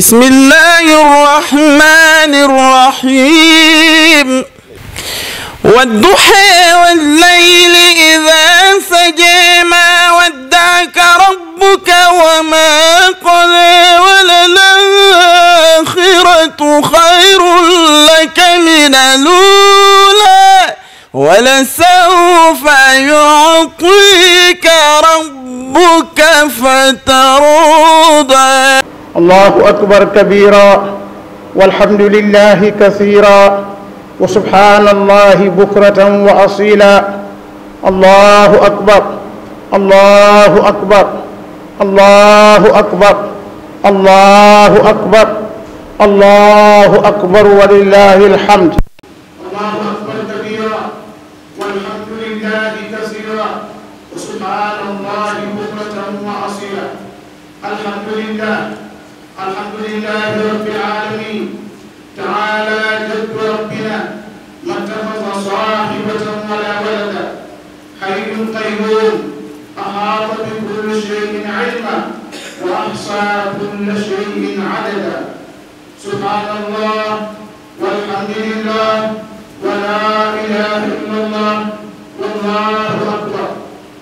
بسم الله الرحمن الرحيم والضحى والليل إذا سجى ما ودعك ربك وما قلى وللآخرة خير لك من الأولى ولسوف يعطيك ربك فترضى allahu akbar kabira walhamdulillahi kathira wa subhanallahi bukratan wa asila allahu akbar allahu akbar allahu akbar allahu akbar allahu akbar walillahi alhamd لله رب العالمين تعالى جد ربنا ما اتخذ صاحبة ولا ولدا حي قيوم أحاط بكل شيء علما وأحصى كل شيء عددا سبحان الله والحمد لله ولا إله إلا الله والله أكبر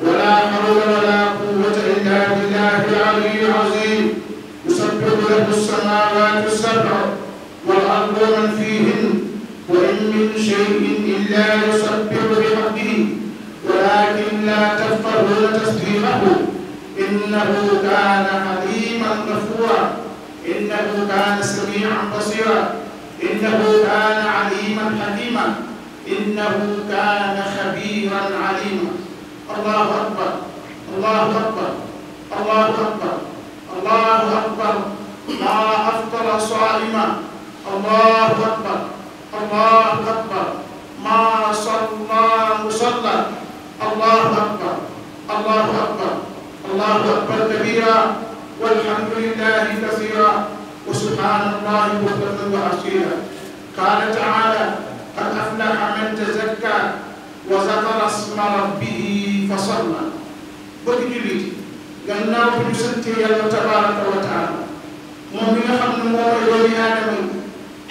ولا حول ولا قوة إلا بالله العلي العظيم له السماوات السبع والأرض ومن فيهن وإن من شيء إلا يسبح بحمده ولكن لا تفقهون تسبيحه إنه كان حليما غفورا إنه كان سميعا بصيرا إنه كان عليما حكيما إنه كان خبيرا عليما الله أكبر الله أكبر الله أكبر الله أكبر laa aftara saa'ima allahu akbar allahu akbar maa salla musalla allahu akbar allahu akbar allahu akbar kabiira walhamdulillahi kasiira wa subhaanallahi bukratan wa asiila qaala ta'aalaa qad aflaha man tazakkaa wa zakara isma rabbihi fa sallaa bëgg jullit gannaaw bu ñu santee yàlla tabaaraka wa taala moom mi nga xam ne moo war doomi aadama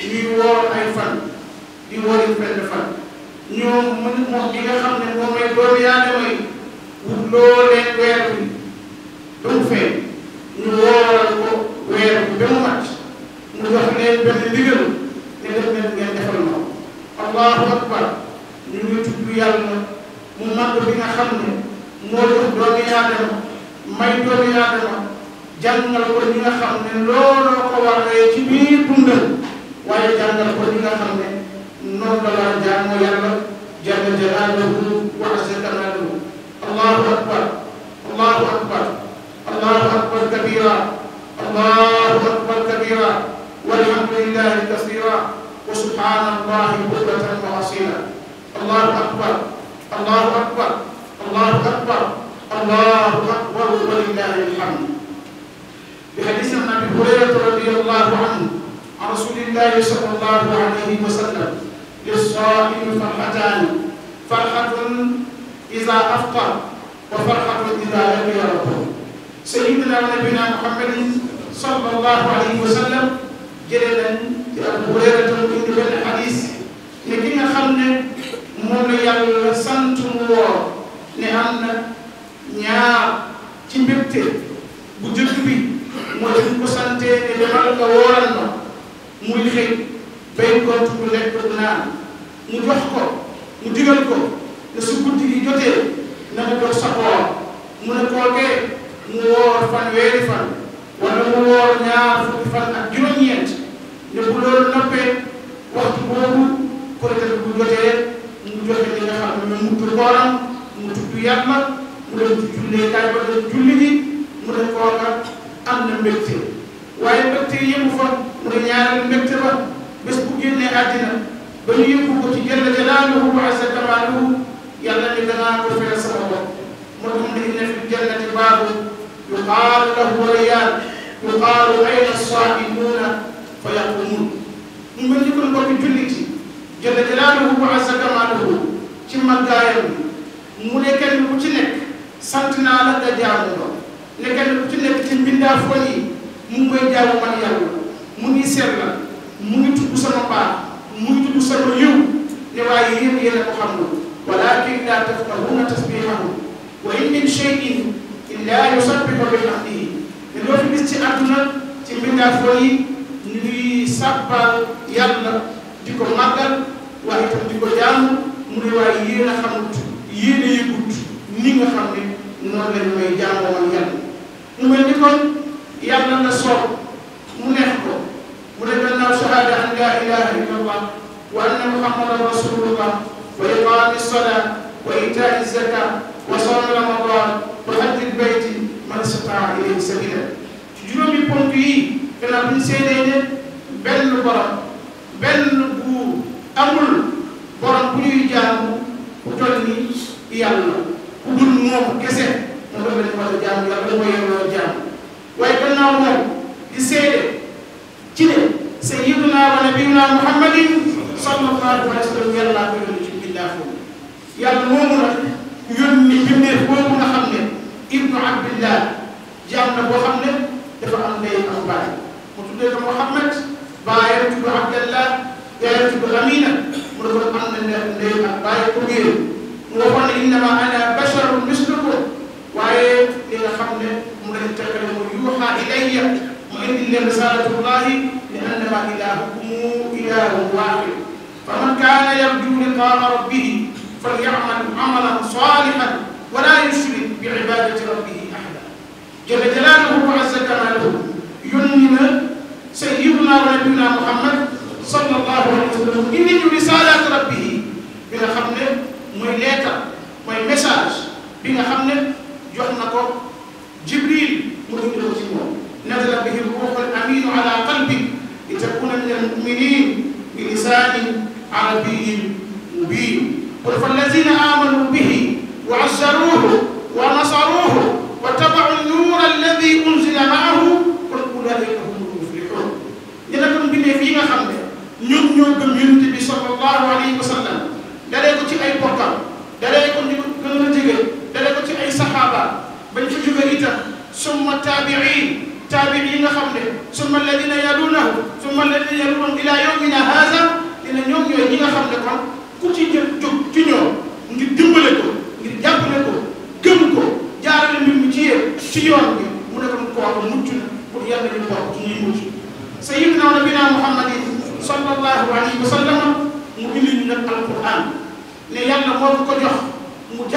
yi woor ay fan di wóorul benn fan ñoom mën moom mi nga xam ne moom mooy doomi aadama yi wut loo leen weer bi ba mu feeñ ñu wooral ko weer bi ba mu mat mu jox leen benn ndigal ne def leen ngeen defal ma allahu akbar ñu ngi tudd yàlla mu màgg bi nga xam ne moo jox doomi aadama may doomi aadama jàngal ko ñi nga xam ne looloo ko war a ci biir dundal waaye jàngal ko ñi nga xam ne noonu la war a jaamoo yàlla jalla jalaaluhu wa azza kamaaluhu allahu akbar allahu akbar allahu akbar kabira allahu akbar kabira walhamdulillahi kasira wa subhanallahi bukratan wa asila allahu akbar allahu akbar allahu akbar allahu akbar wa lillahi alhamd هريرة رضي الله عنه عن رسول الله صلى الله عليه وسلم للصائم فرحتان فرحة إذا أفطر وفرحة إذا لقي ربه سيدنا نبينا محمد صلى الله عليه وسلم jëlee ci Abu Hurayra tam indi benn xadis ne ki nga xam ne moom la yàlla sant mu woor ne am na ñaar ci mbégte bu jëkk bi mooy suñ ko santee ne demal nga wooral ma muy xëy bay gont bu lekk bu naan mu jox ko mu digal ko ne su guddi gi jotee na nga dox sa koor mu ne kookee mu woor fanweeri fan wala mu woor ñaar fukki fan ak juróom-ñeent ne bu loolu noppee waxtu boobu korité bu jotee mu joxe li nga xam mu tudd kooram mu tudd yàlla mu dem ci jullee kaay ba dem mu ne kooka am na mbégte waaye mbégte yëngu fa nga ñaareel mbégte ba bés bu génnee àddina ba ñu yëngu ko ci jalla jalaaluhu wa azza kamaaluhu yàlla ni danaa ko fayal sama bopp moo tax mu ne fi jannati baabu yuqaalu lahu rayyaan yuqaalu ayna as-saa'imuuna fa yaquumuun mu mel ni kon mbokki jullit yi jalla jalaaluhu wa azza kamaaluhu ci màggaayam mu ne kenn ci nekk sant naa la nga jaamu ne kenn ku ci nekk ci mbindaa fool yi mu ngi koy jaamu man yàlla mu ngi seet la mu ngi tudd sama baax mu ngi tudd sama yiw ne waaye yéen yéen a ko xam nga walaakin laa tafqahuuna tasbiihahum wa in min shay'in illaa yusabbihu bihamdihi te loo fi gis ci àdduna ci mbindaa fool yi ñu ngi sàbbal yàlla di ko màggal waaye itam di ko jaamu mu ne waaye yéen a xamut yéen a yëgut ni nga xam ne noonu lañ may jaamoo woon yàlla lu mel ni kon yàlla na soob mu neex ko mu ne gannaaw an laa ilaha illallah wa anna muhammadan rasulullah wa iqaami sola wa itaai zaka wa sawmi ramadan wa hajjil bayti man istataa ilayhi sabila juróomi ponk yi gannaaw bu ñu seedee ne benn borom benn buur amul borom bu ñuy jaamu ku toll ni yàlla ku dul moom kese. ndax dafa nekk matu jàmm yàlla dafa yemloo jàmm waaye gannaaw moom di seede ci ne sayyiduna wa nabiyuna muhammadin sallallahu alayhi wa sallam yàlla ko yónni ci billaa foofu yàlla moomu nag yónni bindeef boobu nga xam ne ibnu abdillah jàmm na boo xam ne dafa am ndey am baay mu tuddee ko muhammad baayam tudd abdallah yaayam tudd amina mu dafa am na ndey ak baay ko mu waxoon ne innama ana basharun mislukum waaye li nga xam ne mu leen tekkale mu yuuxaa ilayya mu indi leen risalatullahi li annama ilahukum ilahun wahid fa man kaana yarju liqaa rabbihi falyamal amalan salihan wala yushrik bi ibadati rabbihi ahada jalla jalaluhu wa azza kamaluhu yónni na sayyiduna wa nabiyuna muhammad sallallahu alayhi wa sallam indi ñu risalat rabbihi bi nga xam ne mooy leetar mooy message bi nga xam ne jox na ko Jibril mu indi ko ci moom nazala bihi ruuxul amiinu ala qalbi li takuna min al muminin bi lisaanin arabiyyin mubin qul fa allazina amanu bihi wa azzaruhu wa nasaruhu wa tabacu nuura alladi unzila maahu qul ulaika hum muflixun ñu ne kon mbindeef yi nga xam ne ñun ñoo gëm yonent bi sallallahu alayhi wa sallam dalee ko ci ay bokkam dalee ko ñu gën a jege dale ko ci ay saxaaba bañ fa jóge itam summa taabiin taabiin yi nga xam ne summa alladina yalunahu summa alladina yalunahu ila yawmina haza dina ñoom ñooy ñi nga xam ne kon ku ci jël jóg ci ñoom ngir dimbale ko ngir jàppale ko gëm ko jaarale mbir mi ci yéen ci yoon bi mu ne kon kooku mucc na pour yàlla ñu bokk ci ñuy mucc sayyidina nabina muhammadin sallallahu alayhi wa sallam mu indi ñu nag alquran ne yàlla moo ko jox mu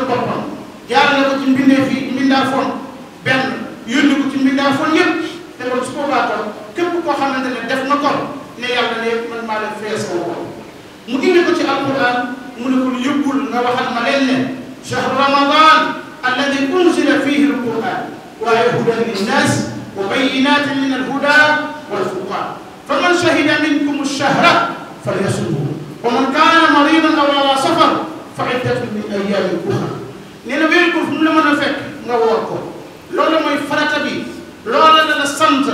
jaarale boppam jaarale ko ci mbindeef yi mbindaafoon benn yónni ko ci mbindaafoon yëpp te kon su boobaa tam képp koo xamante ne def na ko ne yàlla ne man maa leen fayee sama bopp mu indi ko ci alquran mu ne ko lu yëggul nga waxal ma leen ne shahru ramadan alladi unzila fihi alquran waaye hudan linnas wa bayinatin min alhuda walfurqan faman shahida minkum alshahra falyasumhu wa man kana maridan aw ala safar fa'idatun min ayyaamin ukhar nee na weeru koor fu mu la mën a fekk nga woor ko loolu mooy farata bi loola la la sant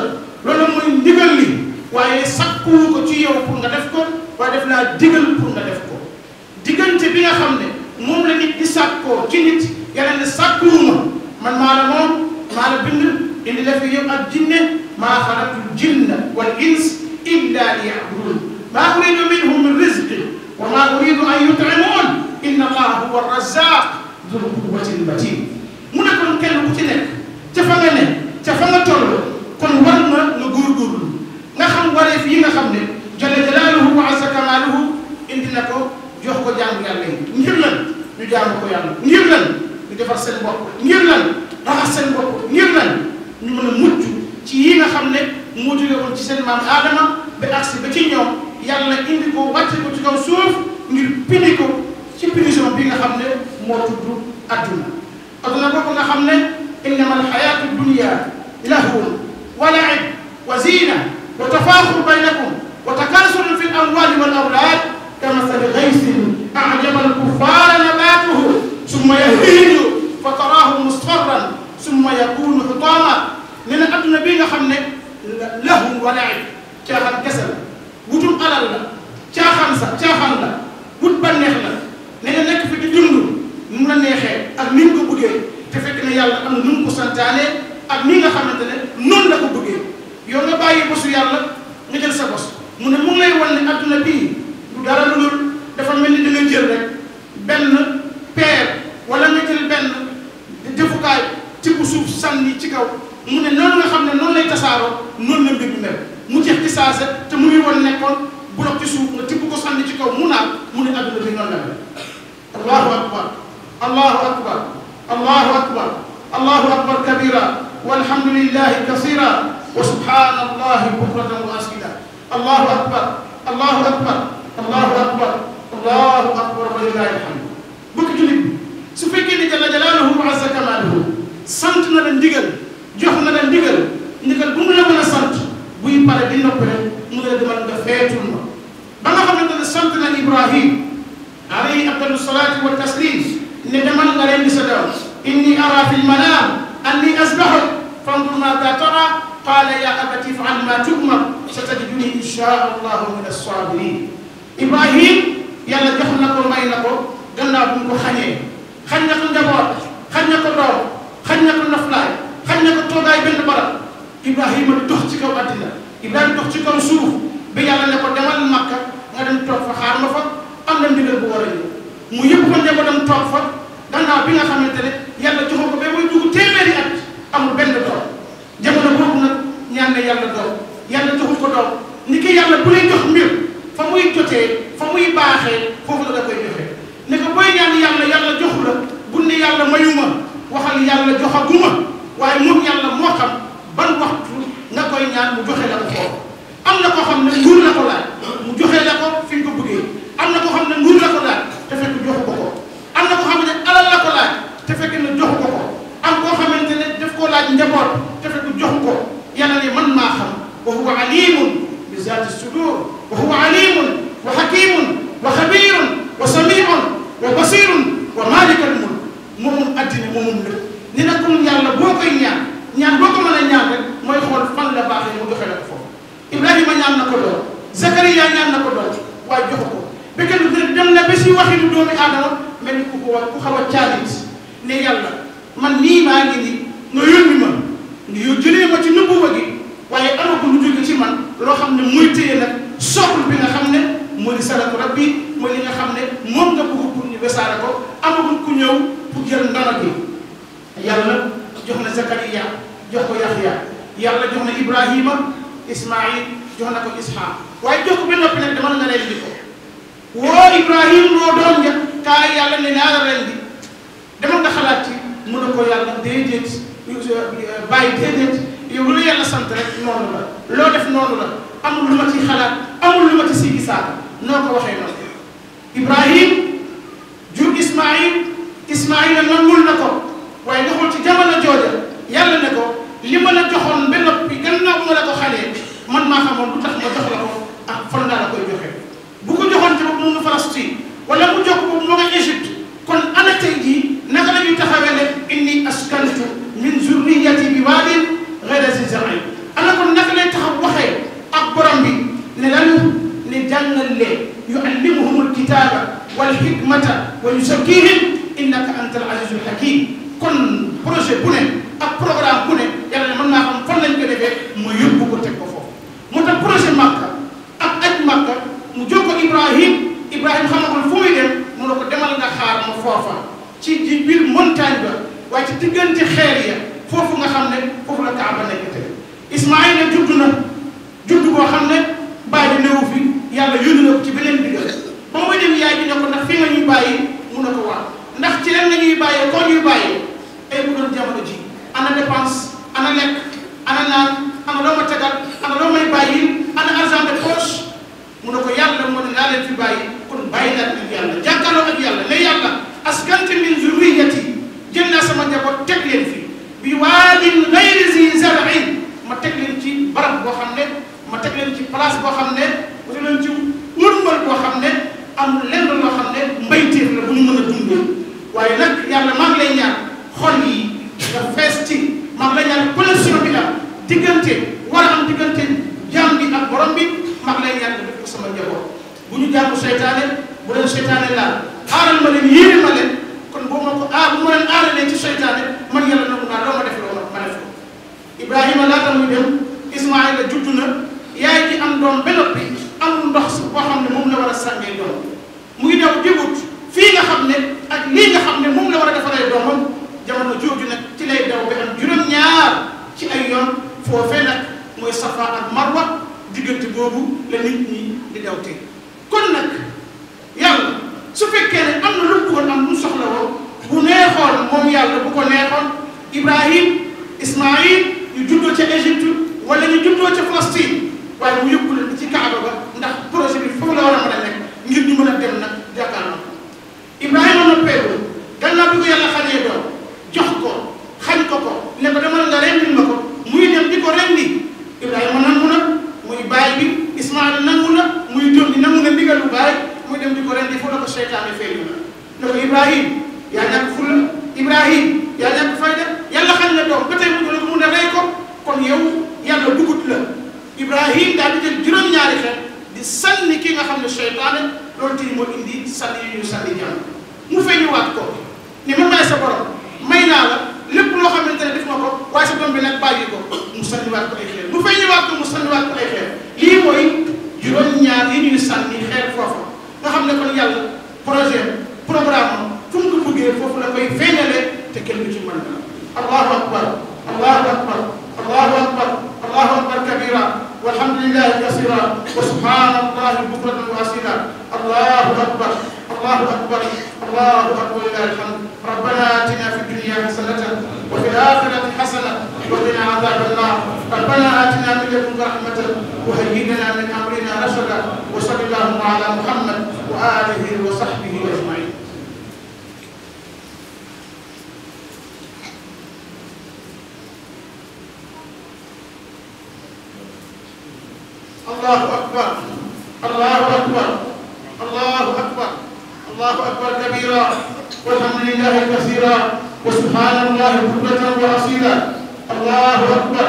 loolu mooy ndigal li waaye sakkuwu ko ci yow pour nga def ko waaye def laa digal pour nga def ko diggante bi nga xam ne moom la nit di sàkkoo ci nit yàlla ne sàkkuwuma man maa la moom maa la bind indi def yëpp ak jinne maa xalaqtul jinna wal ins illa liya'budun maa uridu minhum min rizqin wa maa uridu an yut'imun inna allaha huwa razaq dul quwwatil matin mu ne kon kenn ku ci nekk ca fa nga ne ca fa nga toll kon war na nga góorgóorlu nga wareef yi nga xam ne jalla jalaaluhu wa azza kamaaluhu indi na ko jox ko jaamu yàlla yi ngir lan ñu jaamu ko yàlla ngir lan ñu defar seen bopp ngir lan raxas ci yi nga xam ne moo jóge woon ci seen maam aadama ba agsi ba ci ñoom yàlla indi ko wàcce ko ci kaw suuf ngir pini ko ci prison bi nga xam ne moo tudd adduna adduna boobu nga xam ne innama alxayaatu dunia lahwun wa laib wa zina wa tafaaxur baynakum wa takaasur fi lamwali wal awlaad kamasali gaysin ajaba alkufaara nabaatuhu summa yahiiju fa taraahu musfarran summa yakunu xutaama nee na adduna bi nga xam ne lahwun wa laib caaxaan kese la wutum alal la caaxaan sa caaxaan la wut banneex la na nga nekk fi di dund nu mu la neexee ak ni nga ko bëggee te fekk na yàlla am na nu mu ko santaane ak ni nga xamante ne noonu la ko bëggee yow nga bàyyi bosu yàlla nga jël sa bos mu ne mu ngi lay wan ne adduna bii lu dara lu dul dafa mel ni da nga jël rek benn peer wala nga jël benn defukaay ci bu suuf sànni ci kaw mu ne noonu nga xam ne noonu lay tasaaroo noonu la mbir mi mel mu jeex ci saase te mu ngi woon nekkoon bu ci suuf nga tibb ko sànni ci kaw mu naan mu ne adduna allahu akbar allahu akbar allahu akbar allahu akbar kabira walhamdulillahi kasira wa subhanallahi bukratan wa asila allahu akbar allahu akbar allahu akbar allahu akbar wa lillahi alhamdu bukki jullit su fekkee ni jalla jalaaluhu wa azza kamaaluhu sant na la ndigal jox na la ndigal ndigal bu mu la mën a sant buy pare di noppale mu ne la demal nga feetul ma ba nga xamante ne sant na Ibrahim alayhi afdalu salaati wa taslim ne demal nga rendi sa doom inni ara fi lmanaam anni asbahuk fandur maada tara qaala ya abati ifal ma tumar satajiduni insha allahu min assabirin ibrahim yàlla jox na ko may na ko gannaaw bu mu ko xañee xañ na ko njaboot xañ na ko doom xañ na ko noflaay xañ na ko toogaay benn barab ibrahima dox ci kaw àddina ibrahima dox ci kaw suuf ba yàlla ne ko demal makka nga dem toog fa xaar ma fa am na ndigal bu war a ñëw mu yëpp ko njabootam toog fa gannaaw bi nga xamante ne yàlla joxoon ko ba muy dugg téeméeri at amul benn doom jamono boobu nag ñaan na yàlla doom yàlla joxul ko doom ni ki yàlla bu lay jox mbir fa muy jotee fa muy baaxee foofu la da koy joxee ne ko booy ñaan yàlla yàlla joxu bu ne yàlla mayuma waxal yàlla joxaguma waaye moom yàlla moo xam ban waxtu nga koy ñaan mu joxe la ko foofu am na koo xam ne nguur la ko laaj mu am na ko xam ne nguur la ko laaj te fekk joxu ko ko am na ko xam ne alal la ko laaj te fekk ko ko am koo xamante ne daf koo laaj njaboot te fekk joxu ko yàlla ne man maa xam wa huwa alimun bi zaati sudur wa huwa alimun wa hakimun wa xabirun wa samiun wa basirun wa malikal mulk moomum addina moomum lépp ni nag kon yàlla boo koy ñaan ñaan boo ko mën a ñaan rek mooy xool fan la baaxee ko foofu Ibrahima ñaan na ko doon Zakariya ñaan ko doon waaye joxu ko béykat bi dem na ba si waxinu doomi aadama mel ni ku ko wax ku xaw a caalit ne yàlla man lii maa nii nga yónni ma nga yow jëlee ma ci nëbbuwa gi waaye ana ko lu ci man loo xam ne muy téye nag bi nga xam ne moo di sadako rab bi li nga xam ne moom nga bëgg pour ñu wesaare ko amagul ku ñëw pour jël ndara bi yàlla jox na Zakariya jox ko Yaxya yàlla jox na Ibrahima Ismaïl jox na ko Isxaaq waaye jox ko ba noppi nag dama la nga lay ko woo Ibrahim moo doon njëkk kaay yàlla ne naa la ren bi demal ci mun na ko yàlla déedéet yow lu yàlla sant rek loo def noonu la amul lu ma ci xalaat amul lu ma ci sigi saal noo ko waxee noonu Ibrahim jur Ismaïl Ismaïl nangul na ko waaye doxul ci jamono jooja yàlla ne ko li ma la joxoon ba noppi gannaaw ma la ko xalee man maa xamoon lu tax ma jox la ko fan laa koy joxe. bu ko joxoon tamit mu nga Palestine wala mu jox ko mu nga Égypte kon ana tey jii naka la ñuy taxawee ne inni askantu min zurriyati bi waadin ghayri zi zar'in ana kon naka lay taxaw waxee ak borom bi ne lan ne jàngal leen yuallimuhumul kitaaba wal hikmata wa yuzakkihim innaka antal azizul hakim kon projet bu ne ak programme bu ne yàlla ne mën naa xam fan lañ ko defee mu yóbbu ko teg ko foofu moo tax projet Makka ak aj Makka mu jox ko Ibrahim Ibrahim xamagul fu muy dem mu ne ko demal nga xaar ma foofa ci ci biir montagne ba waaye foofu nga xam ne foofu la Kaaba nekk te Ismaayla judd na judd boo xam ne bàyyi néew fi yàlla yu na ko ci beneen digal ba muy dem ne ko ndax fi nga ñuy bàyyi mu ne ko waaw ndax ci leen la ñuy bàyyee koo ñuy bàyyee ay eh, bu doon jamono ji ana dépense Ismaayla nangu na muy doon di nangu na ndigalu baay muy dem di ko rendi fu la ko seytaane feeñu na ne ko Ibrahim yaa ñàkk fulla Ibrahim yaa ñàkk fayda yàlla xam ne doom ba tey mu ne ko mun a rey ko kon yow yàlla dugut la Ibrahim daal di jël juróom-ñaari xel di sànni ki nga xam ne seytaane loolu tey moo indi sànni yu ñu sànni ñaan mu feeñuwaat ko ne man maay sa borom may naa la lépp loo xamante ne def na ko waaye sa doom bi nag bàyyi ko mu sànniwaat ko ay xeer mu feeñuwaat ko mu sànniwaat ko ay xeer lii mooy juróom-ñaar yi ñuy sànni xeer foofu nga xam ne kon yàlla projet programme fu mu ko bëggee foofu la koy feeñalee te ci mën dara allahu akbar allahu akbar allahu kabira walhamdulillahi kasira wa subhanallahi bukratan wa asila الله اكبر الله اكبر لله الحمد ربنا اتنا في الدنيا حسنه وفي الاخره حسنه وقنا عذاب النار ربنا اتنا من لدنك رحمه وهيئ لنا من امرنا رشدا وصل اللهم على محمد واله وصحبه اجمعين الله اكبر الله اكبر الله اكبر allahu akbar kabira walhamdulillahi kasira wa subhanallahi bukratan wa asila allahu akbar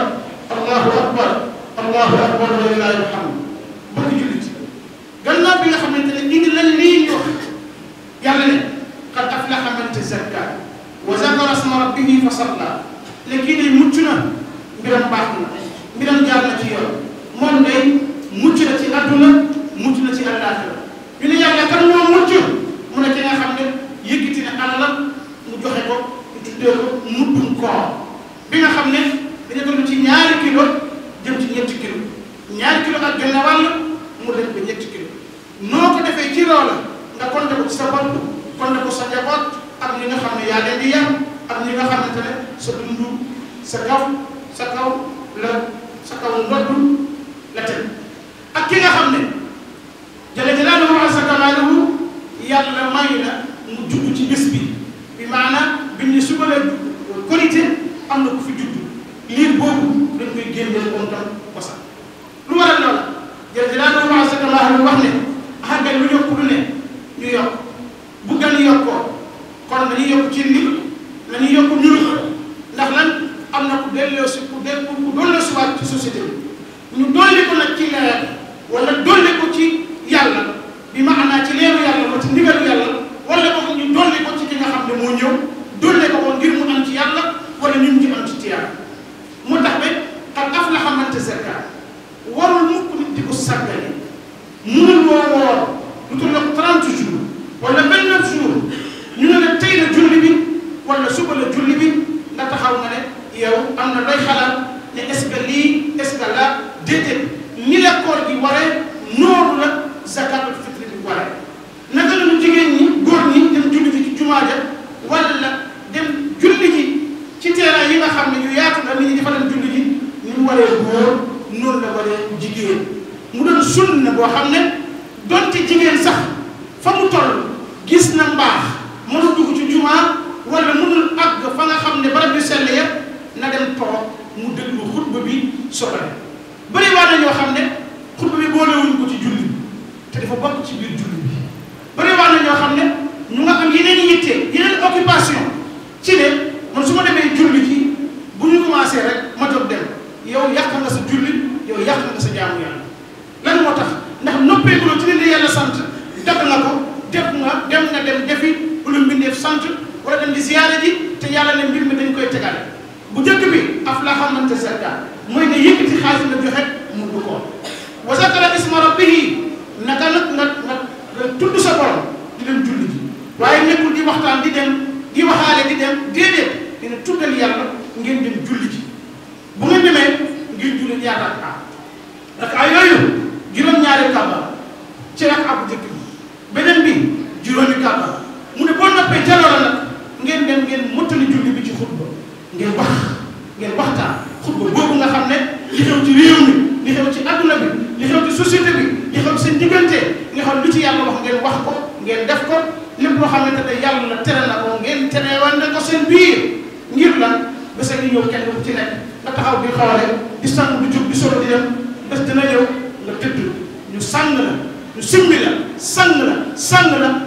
allahu akbar allahu akbar wa lillahi alhamd mbokk jullit gannaaw bi nga xamante ne ñu ngi lan lii ñu wax yàlla ne qad aflaha man tazakka wa zakara sma rabbihi fa salla ne kii day mucc na mbiram baax na mbiram jaar na ci yoon moom day mucc na ci àdduna mucc na ci àllaaxira ñu ne yàlla kan moo mucc tuddee ko muddum koor bi nga xam ne dañu toll ci ñaari kilo jëm ci ñetti kilo ñaari kilo ak genn wàll mu dem ba ñetti kilo noo ko defee ci loola nga konte ko ci sa bopp konte ko sa njaboot ak nga xam ne yaa leen di yar ak ñi nga xamante ne sa dundu sa kaw sa kaw la sa kaw ndodd la teg ak nga xam ne jële jëlaaluhu asa kamaaluhu yàlla may na mu jugg ci bés bi bi maanaam biñ ne suba la korité am na ku fi judd liir boobu dañ koy génneel moom tam wasaare. lu waral loolu jërëjëf daal dafa wax sëñ wax ne xam ah nga lu yokk lu ne ñu a yokkoo kon dañuy yokk ci nit dañuy yokk ñun ndax am na ku delloo si ku delloo ku dolloo si waat ci société bi ñu dolli ko nag ci leer wala dolli ko ci yàlla bi maanaa ci leeru yàlla ba ci ndigalu yàlla wala boog ñu dolli ko ci ki nga xam ne moo ñëw. dolle ko ko ngir mu am ci yàlla wala ñun ci am ci tiyaar mu tax ba xar af la xamante zakkaat warul mukk nit di ko sàggane munul woo woor lu toll ak 30 jours wala 29 jours ñu ne la tey la julli bi wala la julli bi nga taxaw nga ne yow am na looy xalaat ne est-ce que la déedéet ni la koor gi waree noonu la zakaatul fitri bi waree naka la ñu jigéen ñi góor ñi dem julli fi ci jumaa ja wala waree góor noonu la waree jigéen mu doon na boo xam ne ci jigéen sax fa mu toll gis na mbaax mënul dugg ci jumaa wala mënul àgg fa nga xam ne barab yu sell yépp na dem toog mu déglu xutba bi sotale bëri waa na ñoo xam ne xutba bi boolewuñ ko ci julli te dafa bokk ci biir julli bi bëri waa na ñoo xam ne ñu nga am yeneen yitte yeneen occupation ci ne man su ma demee julli dem di ziyaare ji te yàlla ne mbir mi dañ koy tegale bu njëkk bi af la xamante zakka mooy nga yëkkati xaalis nga joxe mu du ko wa zakara isma rabbihi naka nag nga nga tudd sa borom di dem julli ji waaye nekkul di waxtaan di dem di waxaale di dem déedéet dina tuddal yàlla ngeen dem julli ji ak ah ndax ay yooyu juróom-ñaari kàmba ci rak ab njëkk bi beneen bi juróomi kàmba mu ne boo noppee jaloo la nag ngeen dem ngeen mottali julli bi ci xutba ngeen wax ngeen waxtaan xutba boobu nga xam ne li xew ci réew mi li xew ci adduna bi li xew ci société bi li xew ci seen diggante nga xam lu ci yàlla wax ngeen wax ko ngeen def ko lépp loo xamante ne yàlla la tere na ko ngeen terewal na ko seen biir ngir lan bés a ngi ñëw kenn ci nekk nga taxaw bi xoole di sang du jub di solo di dem bés dina ñëw nga tëdd ñu sang la ñu simmi la sang la sang la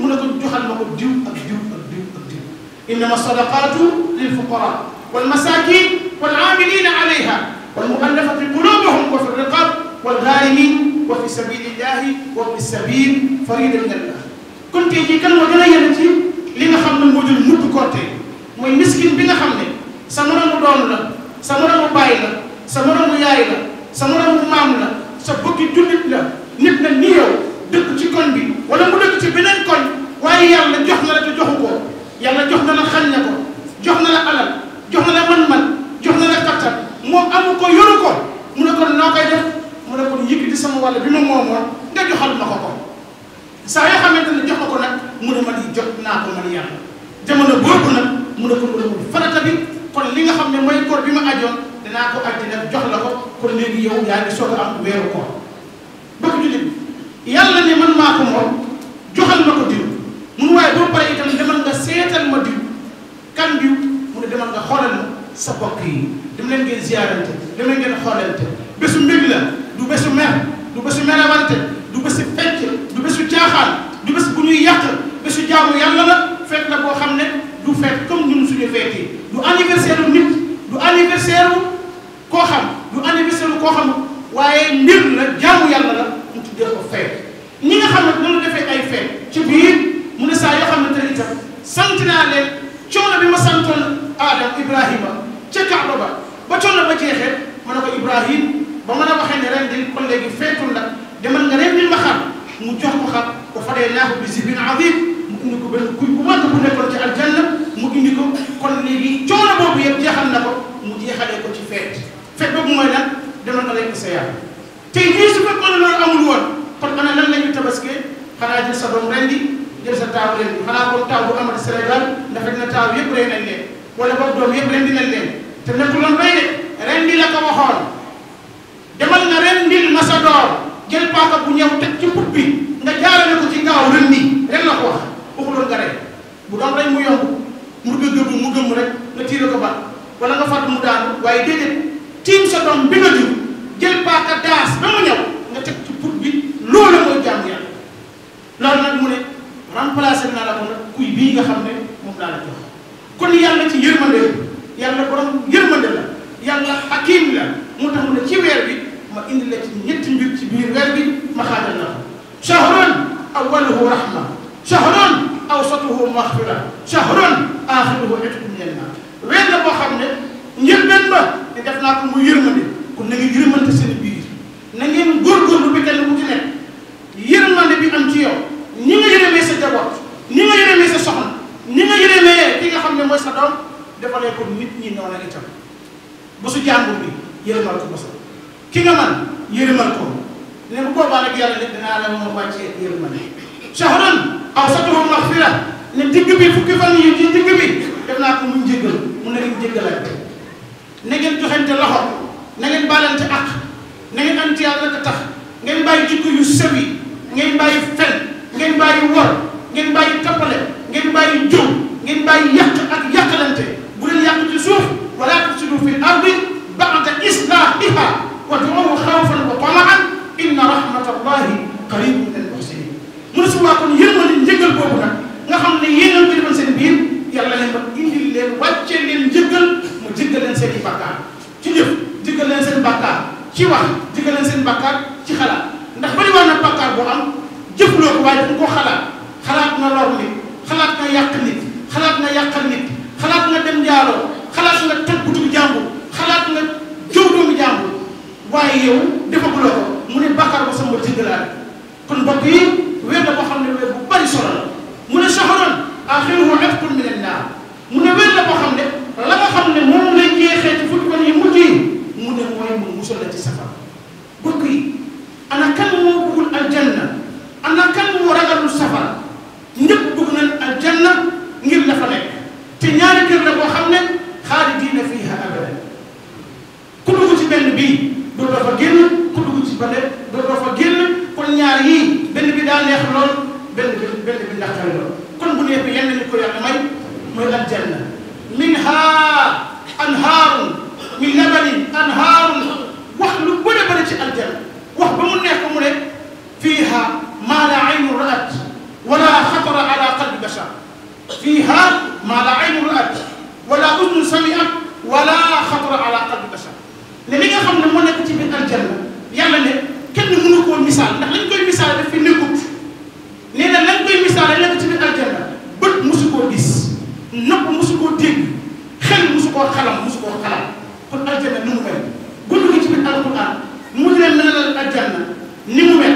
mu ne ko joxal ma ko diw ak diw ak diw ak diw innama sadaqatu lil fuqara wal masakin wal amilina alayha wal muallafati qulubuhum wa fi riqab wal gharimin wa fi sabilillahi wa fi sabil farida min allah kon tey jii kan moo gën a yéene ci li nga xam ne moo jël mudd korte mooy miskin bi nga xam ne sa moromu doom la sa moromu bàyyi la sa moromu yaay la sa moromu maam la sa bëggi jullit la nit na ni yow dëkk ci kon bi wala mu dëkk ci beneen koñ waaye yàlla jox na la te joxu ko yàlla jox na la xañ ko jox na la alal jox na la man-man jox na la kattan moom amu ko yoru ko mu ne kon noo koy def mu sama wàll bi ma moomoon nga joxal ma ko ko saa yoo xamante ne jox ma ko nag mu ne man jot naa ko jamono boobu nag mu ne ko mu ne ko farata bi kon li nga xam ne mooy koor bi ma ajoon danaa ko àddina jox la ko kon léegi yow yaa ngi soog a am yàlla ne man maa ko moom joxal ma ko diw mun waaye boo paree itam demal nga seetal ma diw kan diw mu ne demal nga xoolal ma sa bokk yi dem leen ngeen ziarante dem ngeen xoolante bésu mbég la du bésu mer du bésu merawante du bésu fecc du bésu caaxaan du bés bu ñuy yàq bésu jaamu yàlla la fekk la koo xam ne du fekk comme ñun suñu feeti du anniversaire nit du anniversaire koo xam du anniversaire koo xam waaye mbir la jaamu yàlla la jël ko feeñ ñi nga xam ne bu ñu defee ay feeñ ci biir mu ne saa yoo xam ne te itam sant na leen coono bi ma santoon Adam Ibrahima ca Kaaba ba ba coono ba jeexee ma ne ko Ibrahima ba mën a waxee ne ren di kon léegi feetul la demal nga ren di ma xam mu jox ko xam ba fadee naahu bi zibin azim mu indi ko benn kuy bu mag bu nekkoon ci aljanna mu indi ko kon léegi coono boobu yëpp jeexal na ko mu jeexalee ci feet fe boobu mooy lan demal nga lekk sa tey jii su fekkoon ne loolu amul woon kon ma ne lan la ñuy xanaa jël sa doom rendi jël sa taaw rendi xanaa kon taaw bu amati Sénégal ndax fekk na doom yëpp rendi nañ leen te nekkul woon rey rendi la ko waxoon demal na rendil ma sa doom jël paaka bu ñëw teg ci put bi nga jaarale ko ci gaaw rendi ren la ko wax waxuloon mu yomb mu gëgëbu mu gëmm rek nga tiire ko ba wala nga mu daanu waaye déedéet tiim sa doom bi nga jur jël paaka daas ba mu ñëw ci wax jege leen seen bàkkaar ci xalaat ndax bari waa na bàkkaar boo am jëfloo ko waaye dafa ko xalaat xalaat na lor nit xalaat na yàq nit xalaat na yàqal nit xalaat na dem njaaloo xalaat nga toj butub jàmbur xalaat nga jëw doomu jàmbur ba samba weer la boo xam ne weer bu bari solo la mu ne soxoroon axiruhu itqun min annaar mu ne weer la boo xam ne la nga xam ne moom la mooy mu musal la ci safar bokk yi ana kan moo bëggul aljanna ana kan moo ragalul safara ñëpp bëgg nañ aljanna ngir la fa nekk te ñaari kër la boo xam ne xaalidiina fiiha abadan ku dugg ci benn bii doo dafa génn ku dugg ci bale doo dafa génn kon ñaar yii benn bi daa neex lool benn bi benn bi ndaxtal lool kon bu neex bi yenn ni ko yàlla may mooy aljanna minha anhaarun min labanin anhaarun wax lu bëri bëri ci aljanna wax ba mu neex ko mu ne fiiha maa la aynu raat wala xatara ala qalbi bashar fiiha maa la aynu raat wala udnu samiat wala xatara ala qalbi bashar ne li nga xam ne moo nekk ci biir aljanna yàlla ne kenn mënu koo misaal ndax lañ koy misaal daf fi nekkut nee na lañ koy misaal la nekk ci biir aljanna bët mosu koo gis nopp mosu koo dégg xel mosu koo xalam mosu koo xalam kon aljanna ni mu mel. gudd gi ci mu leen nanalal ni mu mel.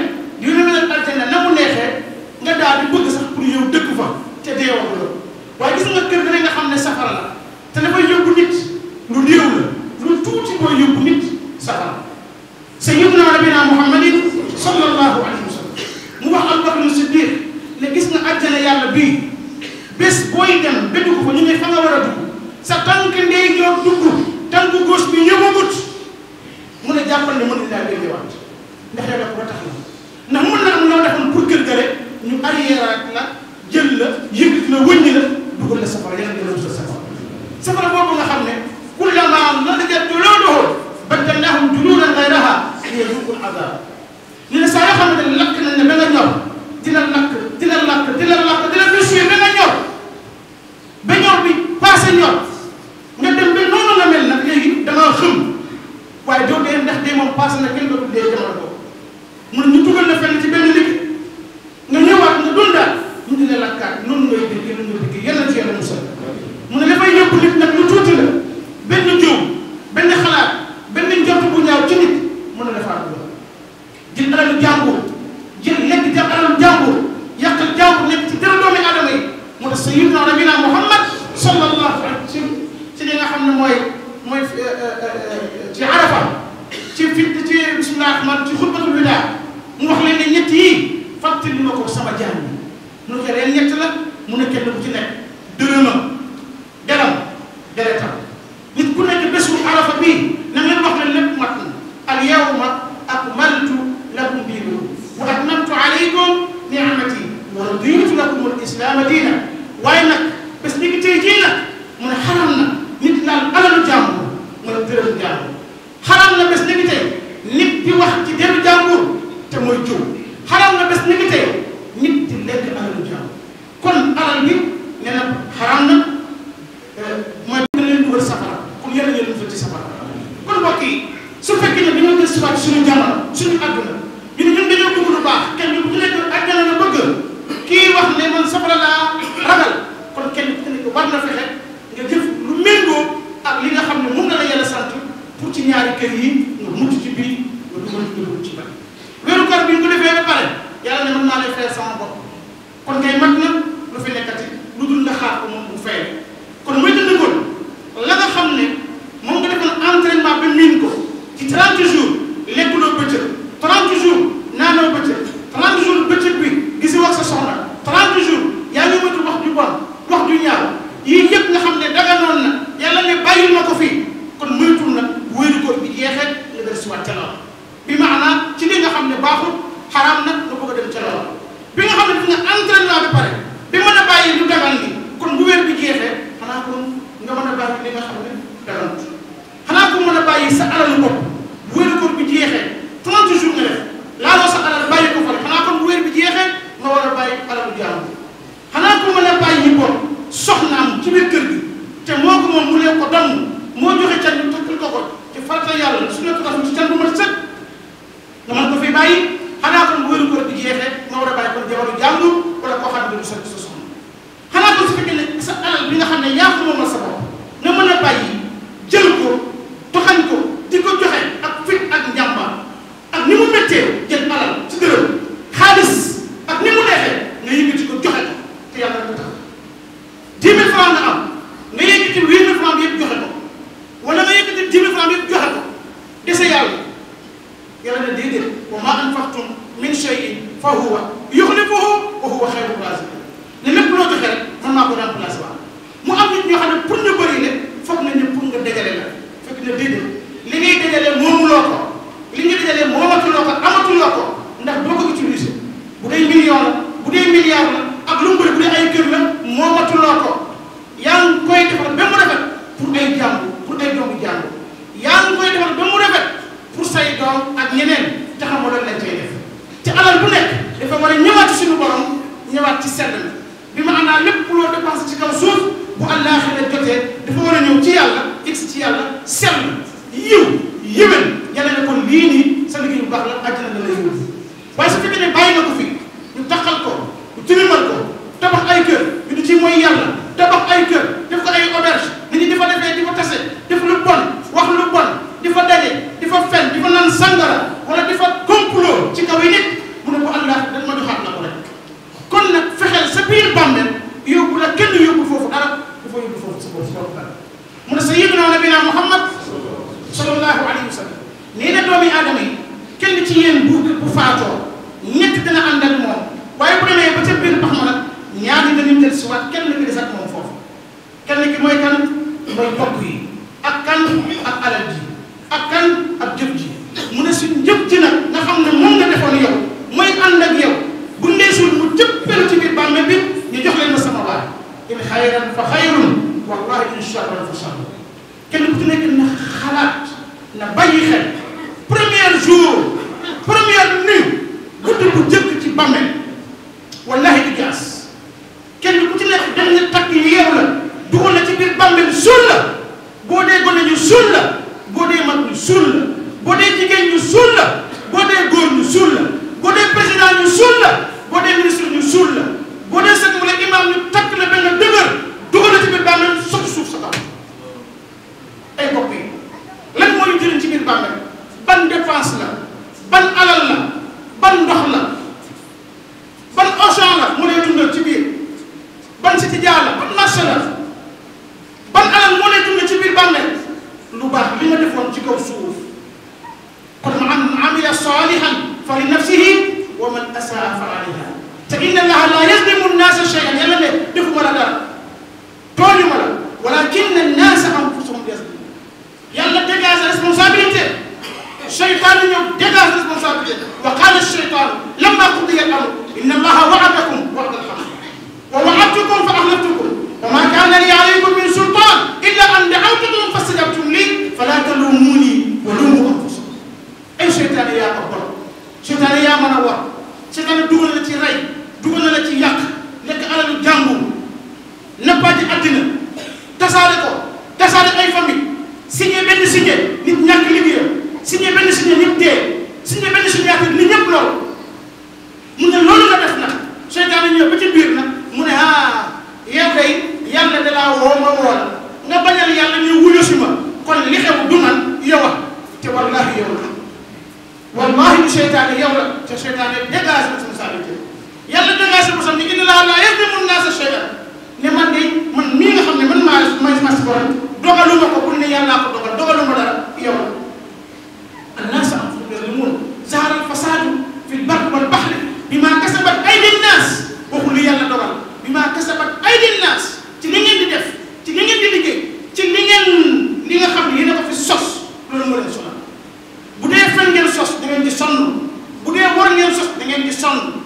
teg dërëm sa alalu bopp wéeru koor bi jeexee waaye su fekkee ne bàyyi na ko fi sonn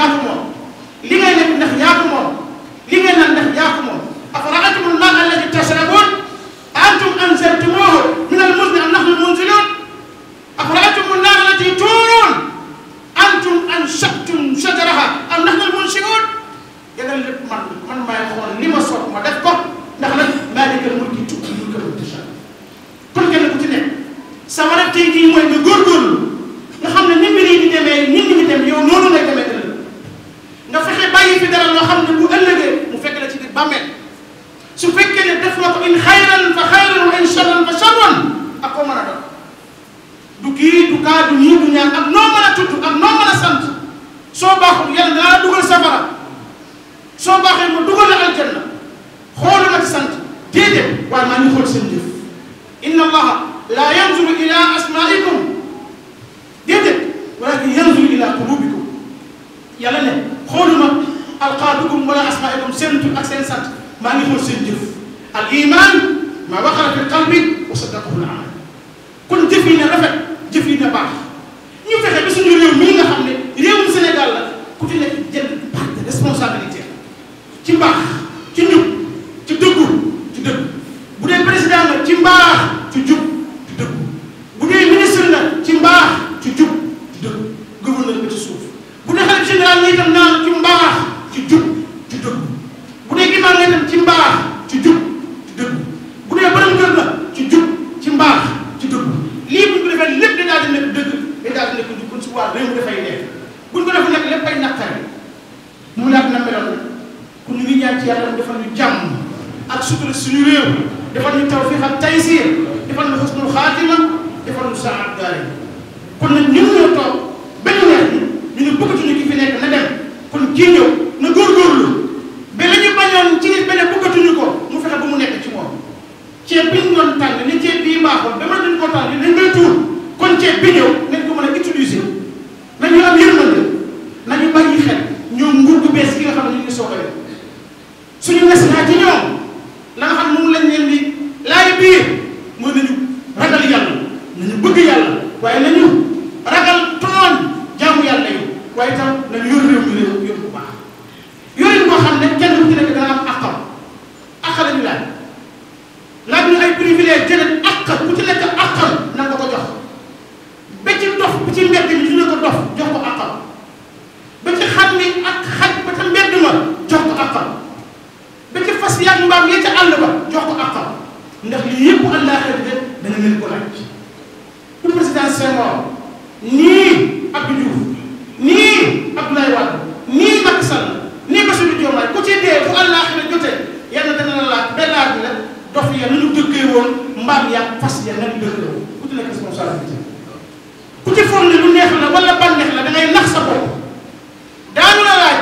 yaatu moom dox ya na ñu dëkkee woon mbaam yaa fas ya na ñu dëkkee woon ku ci nekk responsabilité ku ci foog ne lu neex la wala bànneex la da ngay nax sa bopp daanu la laaj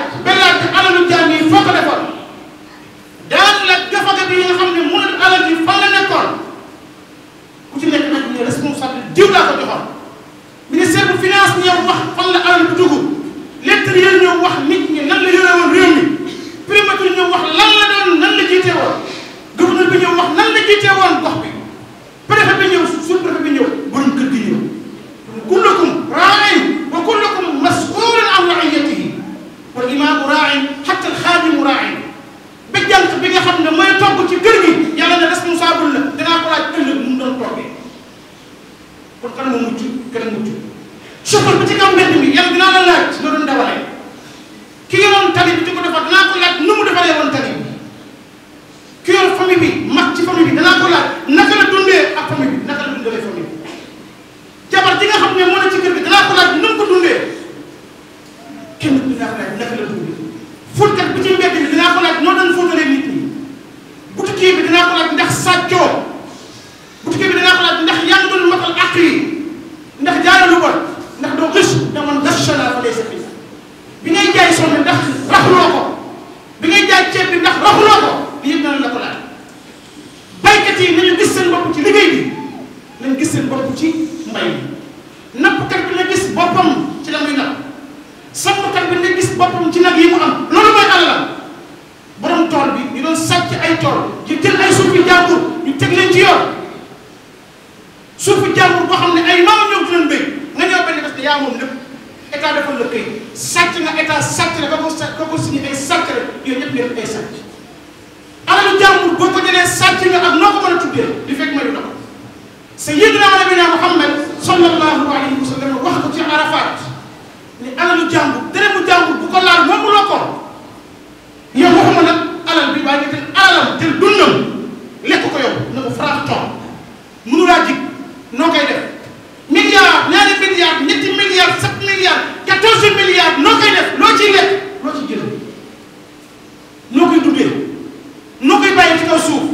boppam ci mbay mi nappkat bi na gis boppam ci la muy bi na gis boppam ci nag yi mu am loolu mooy àllam borom tool bi ñu doon sàcc ay tool ñu jël ay suuf jàmbur ñu teg leen ci yoon suufu jàmbur boo xam ne ay maam ñoo gën a béy nga ñëw benn bés ne yaa moom lépp état dafa la këy sàcc nga état sàcc la ba ko sa ba ko signé ay sàcc la yooyu ñëpp ngeen ay sàcc alalu jàmbur boo ko jëlee sàcc nga ak noo ko mën a tuddee di fekk mayu na ko sayyidina nabina Muhammad sallallahu alayhi wa sallam wax ko ci Arafat ni alalu jàmbur dërëmu jàmbur bu ko laal moom la ko yow waxuma nag alal bi baa ngi jël alalam jël dundam lekk ko yow na ko farata toog mënu laa jig noo def milliard ñaari milliard ñetti milliard sept milliard quatorze milliard noo koy def loo ciy lekk loo ciy jël noo koy duggee noo koy bàyyi ci kaw suuf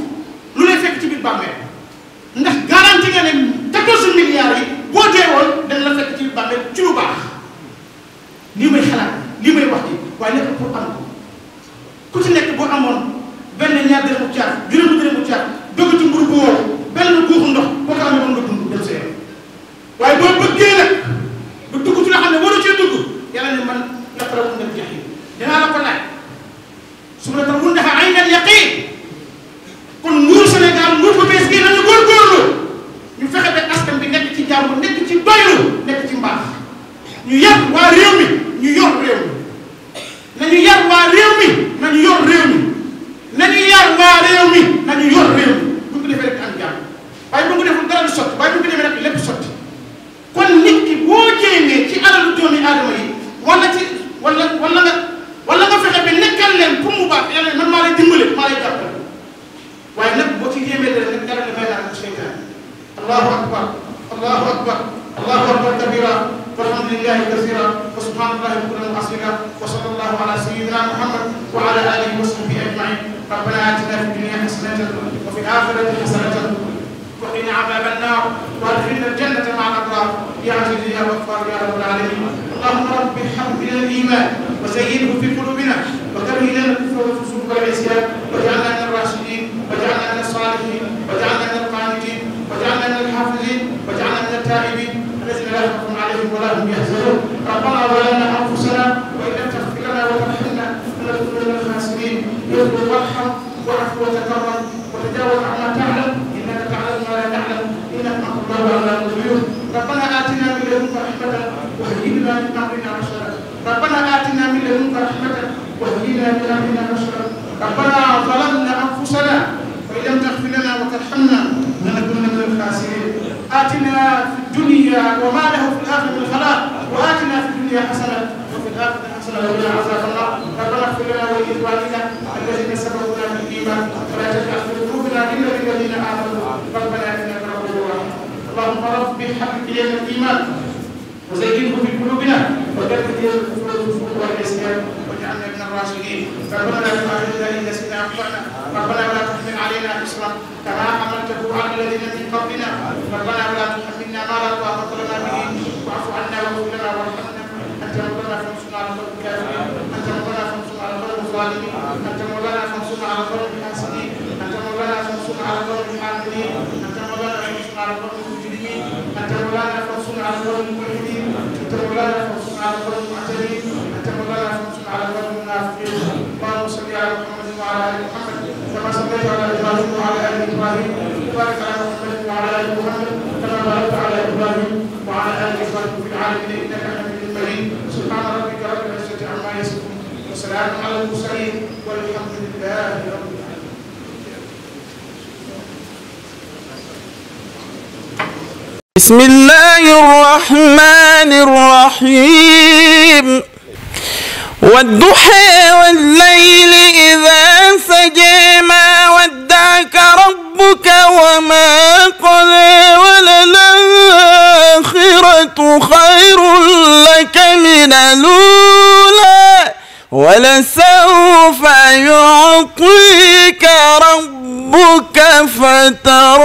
ربنا حكيما ولا تجعل في قلوبنا غلا للذين امنوا ربنا انك رؤوف رحيم اللهم رب بحق الايمان وزينه في قلوبنا وكفر الكفر والفسوق والعصيان واجعلنا من الراشدين ربنا لا تؤاخذنا ان نسينا اخطانا ربنا ولا تحمل علينا اسرا كما حملته على الذين من قبلنا ربنا ولا تحملنا ما لا طاقه لنا به واعف عنا واغفر لنا وارحمنا انت ربنا فانصرنا على القوم الكافرين الظالمين أنت مولانا فانصرنا على القوم الفاسقين أنت مولانا فانصرنا على القوم الكافرين أنت مولانا فانصرنا على القوم المجرمين أنت مولانا فانصرنا على القوم الملحدين أنت مولانا فانصرنا على القوم المعتدين أنت مولانا فانصرنا على القوم المنافقين اللهم صل على محمد وعلى آل محمد كما صليت على إبراهيم وعلى آل إبراهيم وبارك على محمد وعلى آل محمد كما باركت على إبراهيم وعلى آل إبراهيم في العالمين إنك حميد مجيد سبحان ربك رب العزة عما يصفون wa salaamun ala al-mursaliin walhamdulillaahi rabbil aalamiin bismillaahi rahmaani rahiim والضحى والليل إذا سجى ما ودعك ربك وما قلى وللآخرة خير لك من الأولى ولسوف يعطيك ربك فترضى